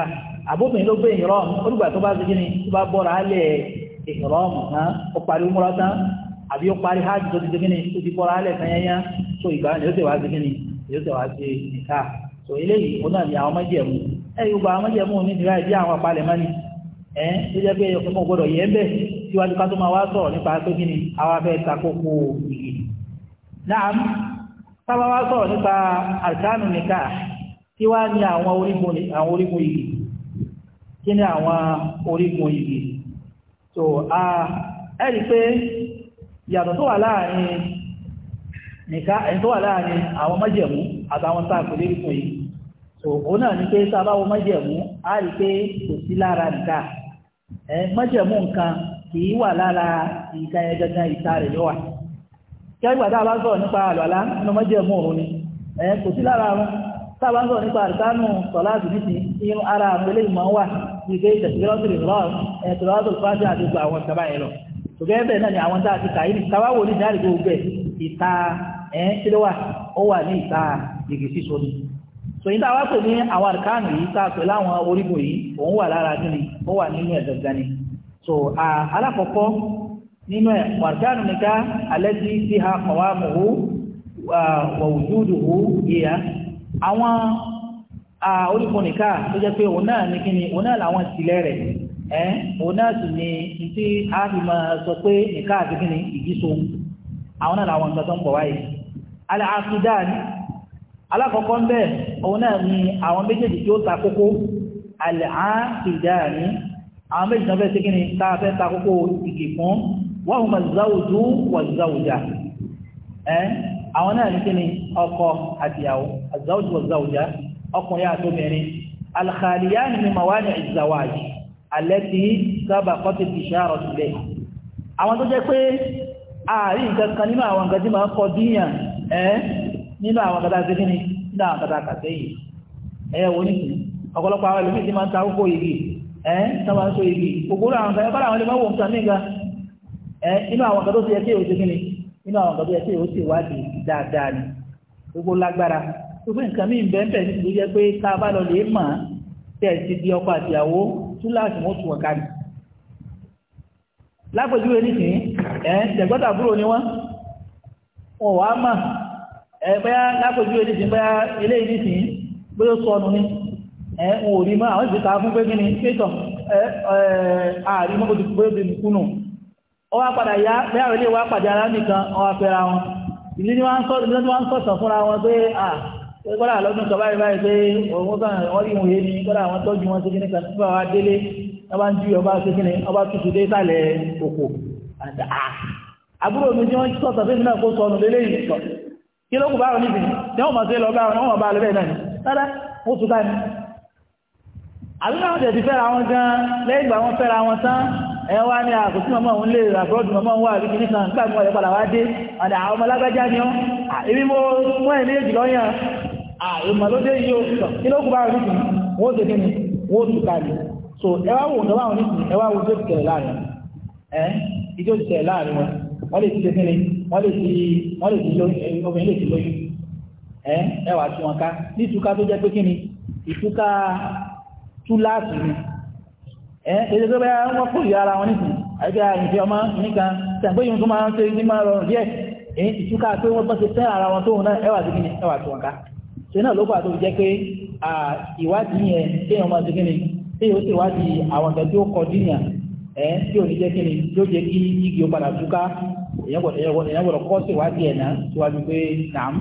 àbófin ló gbé ìrọ̀m olùgbà tó bá ṣe tó bá bọ́ra ìrọ̀m ó parí múra tán àbí ó parí hajj tó ti ṣe kíni tó ti bọ́ra á lẹ̀ tó ìgbà ni ó ti wá ṣe kíni yóò tẹ̀ wá ṣe nìka tó síwájú ká tó máa wá sọ̀rọ̀ nípa pé kí ni àwa fẹ́ takókò ìyè náà sábà wá sọ̀rọ̀ nípa àrkánù nìka tí wá ní àwọn orígun ìyè kí ni àwọn orígun ìyè so a ẹ̀rí pé yàtọ̀ tó wà láàrin nìka ẹni tó wà láàrin àwọn májẹ̀mú àtàwọn sáàkù lérígun yìí so òun náà ni pé sábà wọ májẹ̀mú a rí pé kò sí lára nìka ẹ májẹ̀mú nǹkan kìí wà lára ìka ẹgbẹ̀ta ìta rẹ̀ yọ́wà kẹgbàtà bá sọ̀rọ̀ nípa àlọ́lá nínú mọ́jẹ̀mú òun ni ẹ̀ kò sí lára wọn tábà ń sọ̀rọ̀ nípa àrùkánù sọ̀láàtù nítí inú ara àwọn eléyìí wà ní ìgbé ìtẹ̀síwọ́sìrì lọ́ọ̀ ẹ̀tọ́lọ́sọ̀ fáṣẹ́ àdúgbò àwọn ìjọba yẹn lọ so alákọ̀ọ́kọ́ nínú ẹ̀ wàdánù nìka alẹ́sí sí ha kọ̀wá mọ̀wó wọ̀wùdúdùwó yíya àwọn oríkun nìka tó jẹ́ pé òun náà ní kí ni òun náà làwọn ìsìlẹ̀ rẹ̀ ẹ̀ ni tí a fi máa sọ pé nìka àti kí ni ìjísọ àwọn náà làwọn nǹkan tó ń bọ̀ wáyé alákùdán alákọ̀ọ́kọ́ ń bẹ̀ òun ni àwọn méjèèjì tí ó ta kókó alákùdán àwọn méjì náà fẹ́ sí kíni tá a fẹ́ ta kókó ìgì fún wọ́n hùmà záwùjú wà záwùjá ẹ́ àwọn náà ní kíni ọkọ àtìyàwó záwùjú wà záwùjá ọkùnrin àtòmìnrin alkhaliya ni mawani ìzàwáj alẹ́tì sábà kọ́tì ti ṣàrọ̀ sílẹ̀ àwọn tó jẹ́ pé ààrí nǹkan kan nínú àwọn nǹkan tí máa ń kọ ẹ́ sábà ń so ibi ògbóró àwọn kan kọ́lá àwọn lè mọ́wọ́ nǹkan nìkan ẹ́ inú àwọn kan tó ti ni gbogbo lágbára nǹkan bẹ́ẹ̀ bẹ́ẹ̀ jẹ́ pé tá a bá lọ lè mọ̀ tẹ̀ ti di ọkọ àtìyàwó túláàsì tù lápòjúwe nísìnyí ẹ ẹ̀hùn òrí máa àwọn ìjẹta fún pé gíní pẹ́tọ̀ ààrí mọ́ bóti pé bí kúnnù ó wá padà yá mẹ́rin ilé wá pàdé ara nìkan ọwá fẹ́ra wọn ìlú ni wọ́n sọ̀tàn fúnra wọn pé à kọ́dà lọ́dún kan báyìí báyìí pé òun kan wọ́n rí ìwòye ni kọ́dà wọn tọ́jú wọn sí kíní kan tí wọ́n wá délé ọba ń ju ọba sí kíní ọba tutù dé sálẹ̀ òkò àbúrò mi tí wọ́n sọ̀tàn fún mi náà kó sọnù lélẹ́yìn kí ló kù báwọn níbi tí wọ́n mọ̀ sí lọ báwọn wọ́n mọ̀ bá lọ bẹ́ẹ̀ náà ni rárá ó tún báyìí àbí náà wọ́n fẹ́ra wọn gan lẹ́yìn ìgbà wọn fẹ́ra wọn tán ẹ wá ní àkùtì mọ́mọ́ òun lè àbúrọ́dù mọ́mọ́ wà ní kìíní kan nígbà mọ́ ẹ̀ padà wá dé àdà àwọn ọmọ alágbájá ni ọ́ èmi mo mú ẹ̀ méjì lọ́yàn àìmọ̀ ló dé yìí sọ kí ló kú bá wọn nìkan wọ́n ó tẹ̀kẹ́ ni wọ́n ó tù ká ní so ẹ wá wò ó bá wọn nìkan ẹ wá wò ó tó tẹ̀lé láàrin ẹ ìjó ti tẹ̀lé láàrin wọn wọ́n lè ti túláàsì ni ẹ èdè tó bẹ́ẹ̀ wọ́n kò yà ara wọn nìkan àyíká ìfẹ́ ọmọ nìkan tàbí yìí tó máa ń ṣe ní máa rọrùn díẹ̀ èyí ìtúká pé wọ́n bọ́ ṣe tẹ́ ara wọn tó náà ẹwà sí kíni ẹwà tó wọn ká ṣe náà ló pàtó jẹ́ pé ìwádìí yẹn kéèyàn máa ṣe kíni kéèyàn ó sì wádìí àwọn ọ̀gá tí ó kọ díyàn ẹ tí ò ní jẹ́ kíni tí ó jẹ́ kí igi ó padà túká èyàn gbọ́dọ̀ kọ́ sí ìwádìí ẹ̀ náà síwájú pé nàám.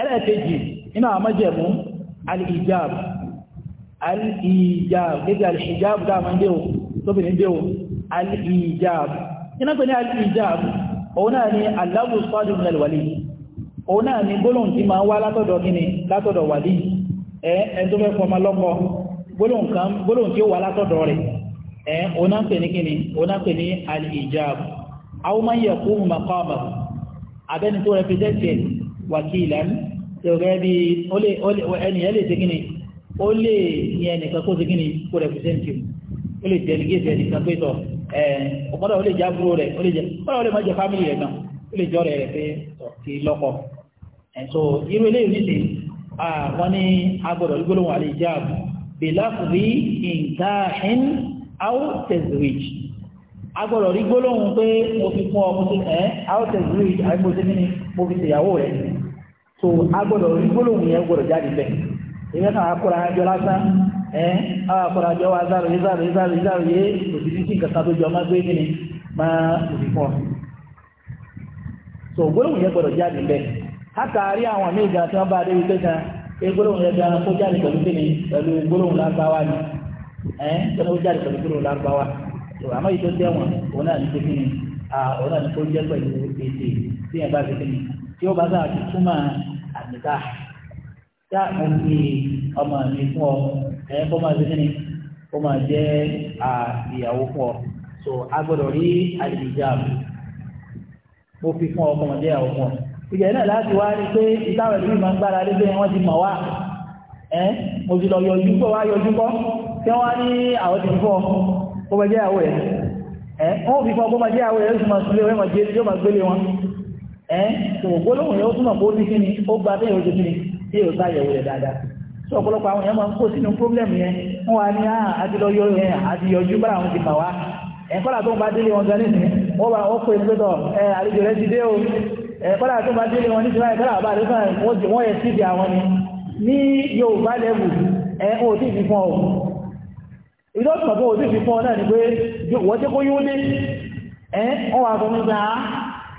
ẹlẹ́ẹ̀kejì nínú àwọn mọ́jẹ̀mú al-hijab al-hijab gẹ́gẹ́ al-hijab dáma ń déwò tóbìnrin déwò al-hijab iná pẹ̀lú al-hijab òun náà ni aláwò sọ́dún ní alwàlì òun náà ni gbólóhùn tí ma ń wá látọ̀dọ̀ gíní látọ̀dọ̀ wàlì ẹn tó fẹ́ fọmọ lọ́kọ gbólóhùn tí ó wà látọ̀dọ̀ rẹ̀ ẹn òun náà pè ní tẹ̀wọ̀gẹ́ bí ẹnìyàn lè ṣe kíni ó lè ní ẹnìkan kó ṣe kíni kó rẹpùsẹ́ntì ó lè delegate ẹnìkan pé tọ̀ ọ̀pọ̀lọpọ̀ ó lè jẹ́ àbúrò rẹ̀ ó lè jẹ́ ọ̀pọ̀lọpọ̀ ó lè má jẹ́ family rẹ̀ gan ó lè jọ rẹ̀ rẹ̀ pé ti lọ́kọ ẹ̀sọ́ irú ilé ìrìnlẹ̀ àwọn ní agbọ̀dọ̀ gbólóhùn àlèjáàbù bèláfùrí ìǹkáhìn outeswich agbọ̀dọ̀ rí gbólóhùn pé mo fi fún ọmọ sí ẹ́ outeswich àgbòsí ní mo fi tèyàwó rẹ̀ so agbọ́dọ̀ rí gbólóhùn yẹn gbọ́dọ̀ jáde bẹ́ẹ̀ ìwé náà akọ́ra ajọ lásán ẹ́ akọ́ra ajọ wa záró yé záró yé záró yé záró yé nǹkan jọ gbé ni máa so gbólóhùn yẹn gbọdọ jáde bẹ́ẹ̀ látàrí àwọn míì gan tí wọ́n bá dé wípé gan pé gbólóhùn yẹn gan kó jáde kí ni gbólóhùn ni jáde gbólóhùn yìí tó nìka tá mo fi ọmọ mi fún ọ ẹ kó máa ṣe kíni kó máa jẹ́ ìyàwó fún so a gbọ́dọ̀ rí àlìjáàm mo fi fún ọ kó máa jẹ́ ìyàwó fún ọ ìjẹ́ náà láti wá rí pé ìtawẹ̀ tí mi máa ń gbára lé pé wọ́n ti mọ̀ wá ẹ́ mo ti lọ yọjú pọ̀ wá yọjú pọ̀ tí wọ́n wá ní àwọn ti fọ́ kó máa jẹ́ ìyàwó rẹ̀ ẹ́ wọ́n fi fún ọ kó máa jẹ́ ìyàwó rẹ̀ yóò máa gbélé wọn ẹ́ tó gbólóhùn yẹn ó túmọ̀ pé ó ní kíni ó gba bẹ́ẹ̀ ojú kíni tí yóò bá yẹ̀wò rẹ̀ dáadáa tó ọ̀pọ̀lọpọ̀ àwọn èèyàn máa ń kó sínú pírọ́blẹ̀mù yẹn wọ́n wá ní àdìlọ ah, yọ yẹn àdìyọjú bára àwọn ti mà wá ẹ̀kọ́là tó ń bá délé wọn gan nísìnyí wọ́n bá wọ́n pè é pé tọ̀ ẹ àlejò rẹ ti dé o ẹ̀kọ́là tó ń bá délé wọn nísìnyí ẹ̀kọ́là àbá àdéhùn wọ́n yẹ síbi àwọn ni ní Yorùbá lẹ́wù ẹ̀ ó ti fi fún ọ ìdọ́sùn ọ̀pọ̀ ó ti fi fún ọ náà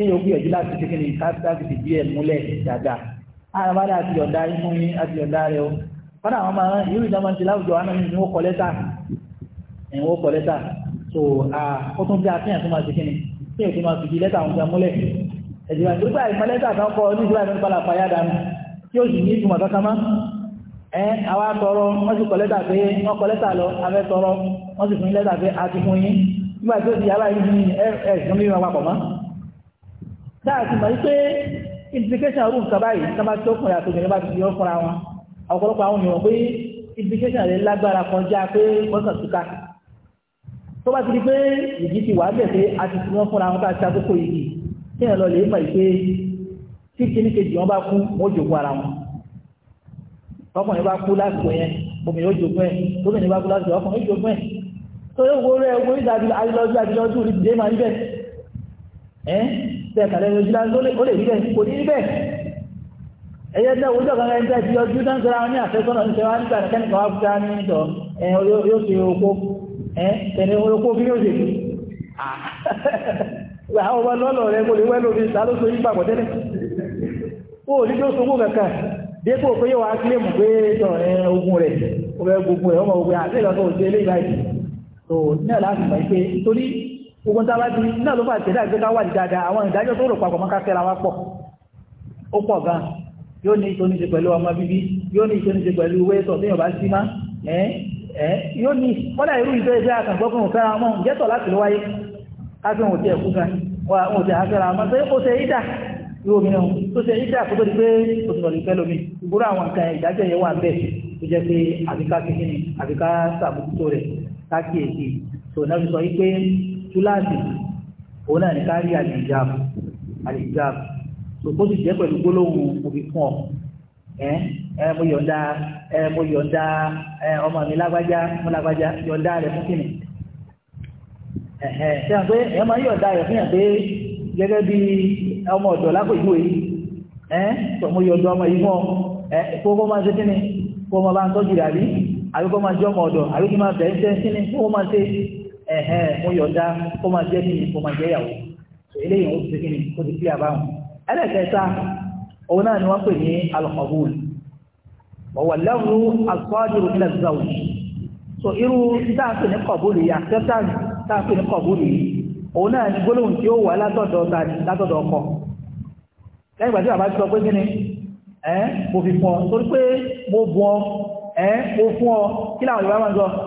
kéèyàn ó gbìyànjú láti ṣe kíni láti fi bí ẹ̀ múlẹ̀ dáadáa ara bá dáa ti yọ̀ǹda yín fún yín láti yọ̀ǹda rẹ o fọ́nà àwọn máa ń irú ìdámọ̀ ti láwùjọ wọn ní wọ́n kọ́ lẹ́tà ẹ̀wọ́n kọ́ lẹ́tà so ó tún bí akéèyàn tó máa ṣe kíni kéèyàn tó máa fi di lẹ́tà àwọn ọ̀gá múlẹ̀ ẹ̀dìbà tó gbà ìmọ̀ lẹ́tà tó ń kọ ní ìdíwà ìmọ̀ pàlàpàyà dànù tí ó sì ní ìtumọ̀ kankan mọ́ ẹ àwa tọrọ wọ́n sì kọ lẹ́tà pé wọ́n kọ lẹ́tà lọ abẹ́ tọrọ wọ́n sì fún lẹ́tà pé a ti fún yín nígbà tó ti yàrá yìí ní ẹ̀ẹ́dùn mímọ́ papọ̀ mọ́ dáàtì mọ̀ wípé implication rú nǹkan báyìí nǹkan bá tí ó kùnrin àtòjò nígbà tí ó fúnra wọn ọ̀pọ̀lọpọ̀ àwọn èèyàn pé implication rẹ̀ lágbára kan já pé wọ́n kàn túká tó bá ti di pé ìdí ti wà á bẹ̀ẹ̀ pé a ti fi wọ́n fúnra wọn bá ti àkókò yìí kí ẹ̀ lọ lè mọ̀ pé tí kíní kejì wọn bá kú wọn ó jòkó ara wọn ọkùnrin bá kú lásìkò yẹn obìnrin ó jòkó ẹ̀ obìnrin bá kú lásìkò ọkùnrin ó jòkó ẹ̀ tó yóò wó rẹ̀ owó ìdájú alilọ́jú adilọ́jú tẹ́ẹ̀kàlẹ̀ yọjú láti ó lè rí bẹ́ẹ̀ kò ní rí bẹ́ẹ̀ ẹ̀yẹ́ tẹ́ òwúrọ̀ kan ẹni tẹ́ẹ̀ tí ọjú dáńtẹ́ra ní àfẹ́sọ́nà ní tẹ́wàá nígbà kẹ́nìkan wá búta ní ìtọ̀ yóò ṣe okó tẹ̀lé okó bí yóò ṣe àwọn ọmọ lọ́lọ́ rẹ̀ kò lè wẹ́ lórí ìsàlóso yí pàpọ̀ tẹ́lẹ̀ ó ní tó sọ kẹ́kẹ́ dépò pé yóò wá kílèmù pé ogun rẹ̀ ó fẹ́ gbogbo rẹ̀ ọmọ ogun àti ìlọ́kọ̀ òṣèlú ìbáyìí tó ní ẹ̀ láti mọ̀ pé torí ogun tá a bá ti náà ló fà tẹ̀dá ìgbé ká wà ní dáadáa àwọn ìdájọ́ tó rò papọ̀ mọ́ káfẹ́ra wá pọ̀ ó pọ̀ gan yóò ní ìtò níṣe pẹ̀lú ọmọ bíbí yóò ní ìtò níṣe pẹ̀lú wẹ́tọ̀ tí yóò bá sí má ẹ́ ẹ́ yóò ní kọ́dà irú ìfẹ́ ìfẹ́ àkàngbọ́kùn òfẹ́ra mọ́ jẹ́tọ̀ láti wáyé káfẹ́ òun ti ẹ̀kú gan wọn ò ti àfẹ́ra mọ́ pé ó ṣe ìdà yóò mi náà tó ṣe ìdà kó tó di pé ó ti lọ́ọ̀lì fẹ́lómi ìgbúrò àwọn nǹkan ìdájọ́ yẹn wà bẹ́ẹ̀ tó jẹ́ pé àbíká kékeré àbíká sàbùkútó rẹ̀ káàkiri èsì tòun náà fi túláàsì òun náà ní ká rí àlìjáàbù àlìjáàbù tòkó sì jẹ́ pẹ̀lú gbólóhùn òfin fún ọ ẹ ẹ mo yọ̀ǹda ẹ mo yọ̀ǹda ẹ ọmọ mi lágbájá mo lágbájá yọ̀ǹda rẹ fún kìnnì ẹ̀hẹ̀ ṣe hàn pé ẹ máa yọ̀ǹda rẹ fún yàn pé gẹ́gẹ́ bí ọmọ ọ̀dọ̀ lápòjú èyí ẹ́ tọmọ yọ̀dọ̀ ọmọ yìí mọ́ ẹ́ kókó máa ṣe kíni kó máa bá ń tọ́jú rẹ̀ àbí àbí kó máa jẹ́ ọmọ ọ̀dọ̀ àbí kí máa bẹ̀ẹ́ ṣe kíni kó máa ṣe ẹ̀hẹ́ mo yọ̀dá kó máa jẹ́ kí kó máa jẹ́ ìyàwó eléyìí ó ti ṣe kí ni ó ti clear báwọn ẹlẹ́kẹta òun náà ni wọ́n pè ní al-qabul ọ̀wọ̀ lẹ́rù asọ́jùrù ilẹ̀ zawj so irú dáàpì ní kọ̀bùlì acceptance dáàpì ní kọ̀bùlì òun náà ni gbólóhùn tí ó wà látọ̀dọ̀ látọ̀dọ̀ ọkọ lẹ́yìn ìgbà tí bàbá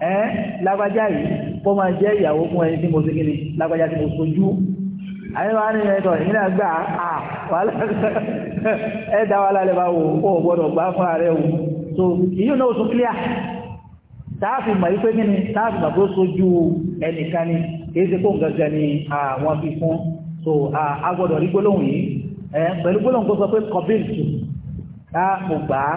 ẹ́ lágbájá yìí kó máa jẹ́ ìyàwó fún ẹni tí mo ṣe kíni lágbájá tí mo sojú àyẹ̀wò wa ní ẹ̀tọ́ ìyìn náà gbà á wàhálà ẹ̀ dá wàhálà lè bá wò ó gbọ́dọ̀ gbà fún ààrẹ wò so ìyún náà ó tún clear táàfì mọ̀ yí kí ni táàfì mọ̀ tó sojú ẹnìkan ni kìí ṣe kó gẹ́gẹ́ ni àwọn fi fún so agbọ́dọ̀ rí gbólóhùn yìí pẹ̀lú gbólóhùn kó sọ pé kọbílì ká mo gbà á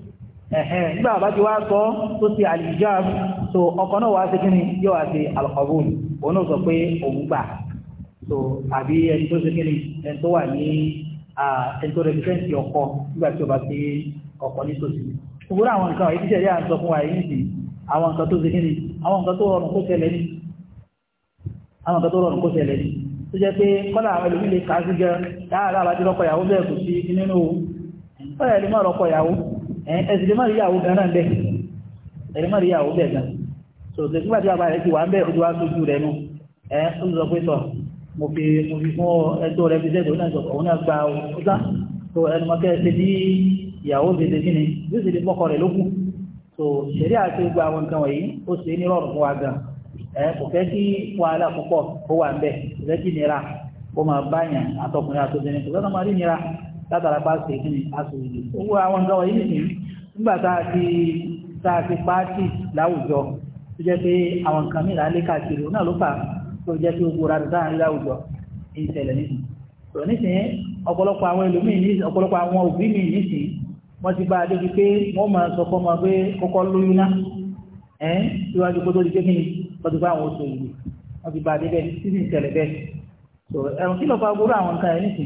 ẹ̀hẹ́n nígbà bá ti wá sọ tó ti al so ọkọ̀ náà wá sí kí ni yóò wá sí al òun náà sọ pé òun gbà so àbí ẹni tó ṣe kí ni ẹni tó wà ní ẹni tó rẹpẹsẹ̀ntì ọkọ̀ nígbà tí o bá ti ọkọ̀ nítòsí gbogbo àwọn nǹkan ọ̀yẹ́ tíṣẹ̀ yà ń sọ fún wa yìí nìyí àwọn nǹkan tó ṣe kí ni àwọn nǹkan tó rọrùn kó ṣẹlẹ̀ ni àwọn nǹkan tó rọrùn kó ṣẹlẹ̀ ni tó jẹ́ pé kọ́lá àwọn ẹlòmí lè kà á sí gan láàárọ̀ àbájọ́ ọkọ̀ ìyàwó bẹ́ẹ̀ kò sí nínú ọ̀rọ̀ ẹlòmí ọ̀rọ̀ ọkọ̀ ìyàwó ẹ̀sìnlẹ̀mọ́ ìyàwó gan náà bẹ́ẹ̀ ẹ̀sìnlẹ̀mọ́ ìyàwó bẹ́ẹ̀ gan so ṣe nígbàtí bàbá rẹ̀ ti wà ń bẹ́ẹ̀ ojú wa sójú rẹ̀ nù ẹ̀ ó sọ pé sọ mo fi mo fi fún ẹjọ́ rẹ̀ fi sẹ́dọ̀ náà sọ òun náà gba ọ̀tá so ẹnu mọ́kẹ́ ṣe bí ìyàwó ṣe kí ni yóò ṣe lè mọ́kọ rẹ̀ lókù so ṣẹ̀rí àti gba àwọn nǹkan wọ̀nyí ó ṣe ní rọrùn fún wa gan ẹ kò fẹ́ kí wàhálà púpọ̀ ó wà ń bẹ̀ kò látara bá ṣe kí ni aṣòwòye owó àwọn nǹkan wọ̀nyí nìyí nígbà tá a ti tá a ti pàtì láwùjọ tó jẹ́ pé àwọn nǹkan mìíràn lé káàkiri òun náà ló fà tó jẹ́ pé gbogbo rárá dáhùn láwùjọ ní ìṣẹ̀lẹ̀ nìyí tó nísìnyí ọ̀pọ̀lọpọ̀ àwọn ẹlòmíì ní ọ̀pọ̀lọpọ̀ àwọn òbí mi nísìnyí wọ́n ti bá a débi pé wọ́n máa sọ fọ́ ọmọ pé kọ́kọ́ lóyún ná ẹ̀ síwájú kó tó di pé kí ni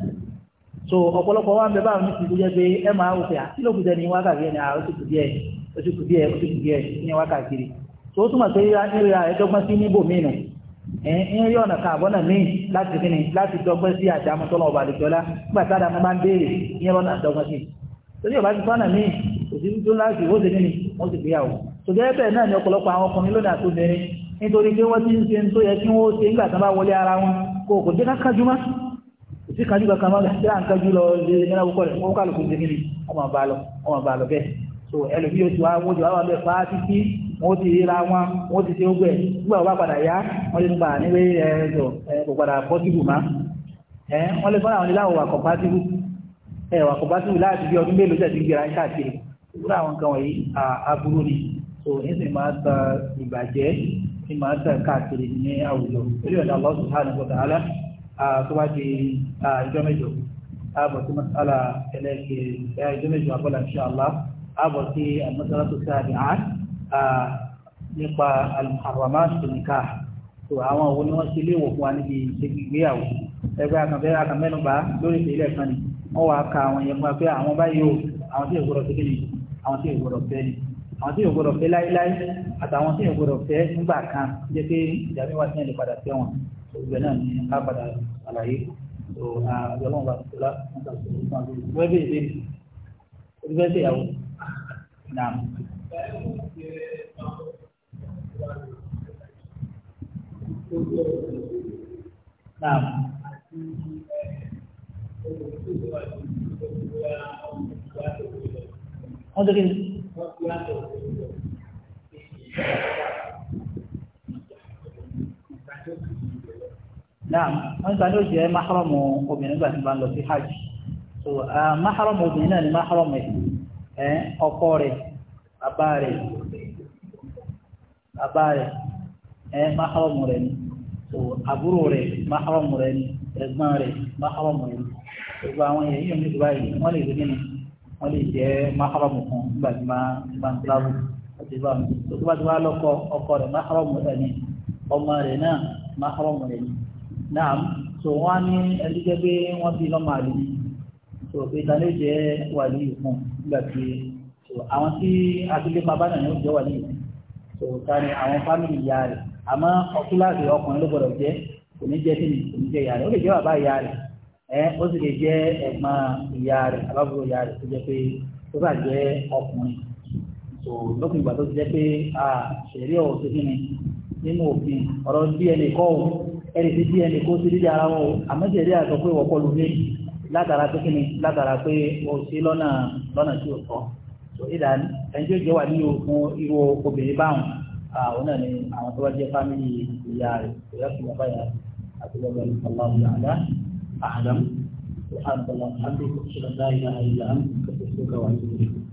so ọ̀pọ̀lọpọ̀ wa ń bẹ báwọn nítorí jẹ́ pé ẹ máa wò pé àti ló kù jẹ́ ní wákàtí ẹni àwọn oṣù díẹ̀ oṣù díẹ̀ oṣù díẹ̀ ní wákàtí rẹ̀ so ó túmọ̀ pé ìrìn ààrẹ dọ́gbọ́n sí níbò míì nù ń rí ọ̀nà kan àbọ̀nà míì láti fi ni láti dọ́gbọ́n sí àdámọ́ tọ́lọ́ ọba àdìjọ́lá nígbà tá àdámọ́ bá ń béèrè ìyẹn lọ́nà dọ́gbọ́n sí torí ọba ti fọ́nà míì òsì tó láti ó sì ní ni wọ́n sì gbéyàwó so gẹ́gẹ́ bẹ́ẹ̀ náà ni ọ̀pọ̀lọpọ̀ àwọn ọkùnrin lónìí àti obìnrin nítorí pé wọ́n ti ń ṣe tó yẹ kí wọ́n ó ṣe nígbà tí wọ́n bá wọlé ara wọn kò kò jẹ́ ká kájúmọ́ tí kan jùlọ kan máa ń tẹ́lá nǹkan jùlọ lè nẹ́lá púpọ̀ rẹ̀ wọ́n kálukú ṣe kíni ọmọ bá lọ ọmọ bá lọ bẹ́ẹ̀ so ẹlòmí yóò ti wá wọ́n ti wá wà bẹ́ẹ̀ fà á títí wọ́n ti ra wọn wọ́n ti ṣe ó gbẹ̀ nígbà wọ́n bá padà yá wọ́n lè nígbà níwé ẹ̀ẹ́dọ̀ kò padà pọ́sibù má ẹ̀ wọ́n lè fọ́nà àwọn ilé àwọ̀ kọ̀pátìbù ẹ̀ wà kọ̀pátìbù láti bí ọdún mélòó tẹ̀sí gbéra ń káàkiri ìwúrọ̀ àwọn nǹkan wọ̀nyí aburú ni so ní sì máa ta ìbàjẹ́ ní máa ta káàkiri ní àwùjọ orí ọ̀dà Allah subhanahu wa ta'ala tó bá di ìjọ mẹ́jọ ààbọ̀ sí masala ẹlẹ́gbẹ̀ ìjọ mẹ́jọ àbọ̀là ṣàlá ààbọ̀ sí masala tó sáàbì án nípa alùpàrọ̀má ṣùnìkà tó àwọn òun ni wọ́n ṣe léèwọ̀ fún wa níbi ìgbéyàwó ẹgbẹ́ akànfẹ́ akànmẹ́nubá lórí ìpínlẹ̀ kan ni wọ́n wá ka àwọn yẹn fún pé àwọn báyìí o àwọn tí ìgbọ́dọ̀ fẹ́ ni àwọn tí ìgbọ́dọ̀ fẹ́ ni àwọn tí ìgbọ́dọ̀ fẹ́ láíláí àtàwọn tí ìgbọ́dọ̀ fẹ́ nígbà kan jẹ́ pé ìdàmẹ́wà tí wọ́n lè padà fẹ́ wọn gbogbo náà ní apàdà àlàyé tó àjọlọ́wọ́n bá tó la wọ́n ta sọ̀rọ̀ fún àgbẹ̀ wọ́n bẹ̀rẹ̀ bẹ̀rẹ̀ orí bẹ́ẹ̀ sèyàwó náà. Naam. Wọ́n ti kí ni. náà wọ́n gbà ní ó jẹ́ máhárọ̀mù obìnrin gbà tí bá ń lọ sí hajj so máhárọ̀mù obìnrin náà ni máhárọ̀mù ẹ̀ ọkọ rẹ̀ bàbá rẹ̀ bàbá rẹ̀ ẹ̀ máhárọ̀mù rẹ̀ ni so àbúrò rẹ̀ máhárọ̀mù rẹ̀ ni ẹ̀gbọ́n rẹ̀ máhárọ̀mù rẹ̀ ni gbogbo àwọn èèyàn yìí ní ìgbà yìí wọ́n lè rí nínú wọ́n lè jẹ́ máhárọ̀mù kan nígbà tí máa ń tíráwù ó ti bá wọn tó bá ti wá lọ́kọ ọkọ rẹ̀ máhárọ̀mù rẹ̀ ni ọmọ rẹ̀ náà máhárọ̀mù rẹ̀ ni náà so wọ́n á ní ẹni jẹ́ pé wọ́n bí lọ́mọ àlè So ìta ló jẹ́ wàlí ìfún nígbà tí àwọn tí agbègbè bàbá náà yóò jẹ́ wàlí ìfún tó ta ni àwọn fámìlì ìyá rẹ̀ àmọ́ ọkùnláàdì ọkùnrin ló gbọ́dọ̀ jẹ́ kò ní jẹ́ kíni kò ní jẹ́ ìyá rẹ̀ ó lè jẹ́ bàbá ìyá rẹ̀ ẹ ó sì lè jẹ́ ẹ̀gbọ́n ìyá rẹ̀ àbábúrò ìyá rẹ̀ tó jẹ́ pé tó bá jẹ́ ọkùnrin tó lókun ìgbà tó ti jẹ́ pé a ṣẹ̀rí ọ̀ ẹni tí díẹ̀ ní kó ti dídí ara wọn o àmọ́jẹ̀dí àtọ́ pé wọ́pọ̀ ló lé látara pé kíni látara pé o ṣe lọ́nà lọ́nà tí o sọ so ìdá ẹnjẹ́ jẹ́ wà nínú fún irú obìnrin báwọn àwọn náà ni àwọn tó wá jẹ́ fámìlì ìyá rẹ̀ ìyá tó wà báyà àti lọ́wọ́ ìfọláwù yàrá àdám àdàm àdàm àdàm àdàm àdàm àdàm àdàm àdàm àdàm